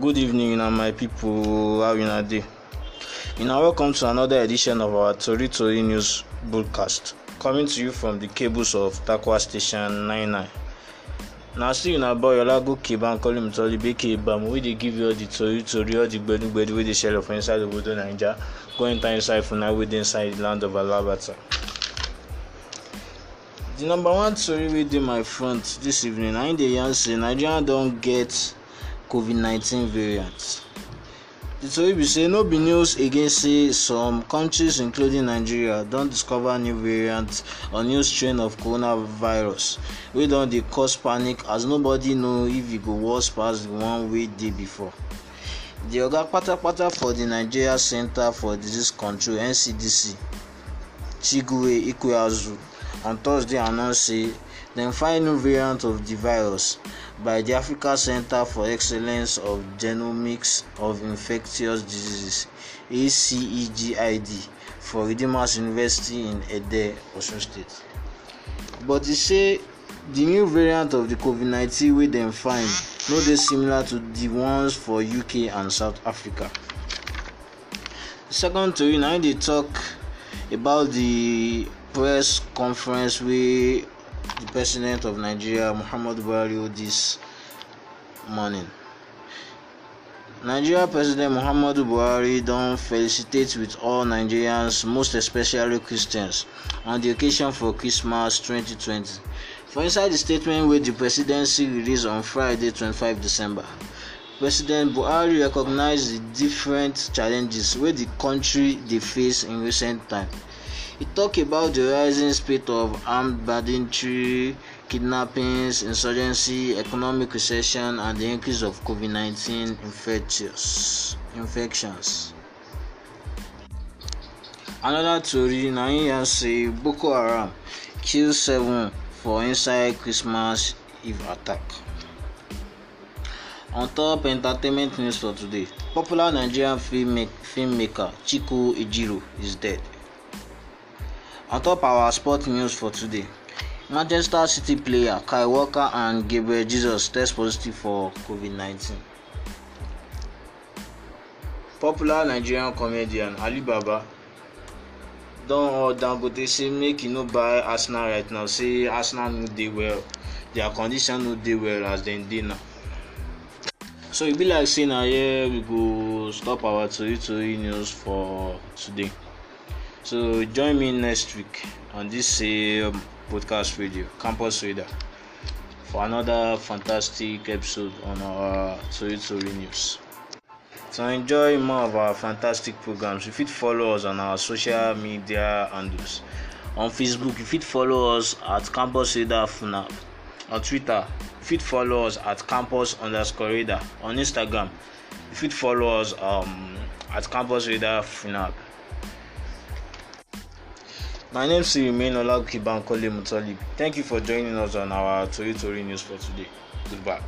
good evening una my people how una dey una welcome to another edition of our tori tori news broadcast coming to you from the cables of takwa station 99 na still una boy olagoke keban, mutoli beke ibamu wey dey give you all the tori tori all the gbedugbedi wey dey shele for inside obodo naija go enter inside funa wey dey inside the land of alabata the number one tori wey dey my front this evening na im dey yarn say nigeria don get covid-19 variant. The tori be say no be news again say some countries including Nigeria don discover new variant or new strain of coronavirus wey don dey cause panic as nobody know if e go worse pass the one wey dey before. The oga patapata for the Nigeria Center for Disease Control NCDC Chigwe Ikweazu on Thursday announced say dem find new variant of di virus by di Africa Centre for Excellence of Genomics of Infectious Diseases ACEGID for Redeemers University in Ede, Osun State. But e say di new variant of di COVID-19 wey dem find no dey similar to di ones for UK and South Africa. Second tori na im dey tok about di press conference wey the president of nigeria muhammadu buhari hold dis morning nigeria president muhammadu buhari don felicitate with all nigerians most especially christians on the occasion for christmas 2020 for inside di statement wey the presidency release on friday 25 december president buhari recognise the different challenges wey the country dey face in recent times It talked about the rising speed of armed banditry, kidnappings, insurgency, economic recession, and the increase of COVID 19 infections. Another tori na im yarn say Boko Haram kill seven for inside Christmas Eve attack. On top entertainment news for today, popular Nigerian filmmaker Chiku Ejiro is dead. Atop our sport news for today, Manchester City player Kai Walker and Gabriel Jesus test positive for COVID 19. Popular Nigerian comedian Alibaba don all Dangote say make e no buy Arsenal right now say Arsenal no dey well their condition no dey well as dem dey now. So e be like say na here we go stop our tori tori news for today. So join me next week on this same uh, um, podcast radio, Campus Radar, for another fantastic episode on our Toyotori News. To enjoy more of our fantastic programs, you fit follow us on our social media handles. On Facebook, you fit follow us at Campus Radar FUNAP. On Twitter, you fit follow us at Campus underscore Radar. On Instagram, you fit follow us um, at Campus Radar FUNAP. My name still remains Olakibankole Mutolib. Thank you for joining us on our Tori Tori News for today. Goodbye.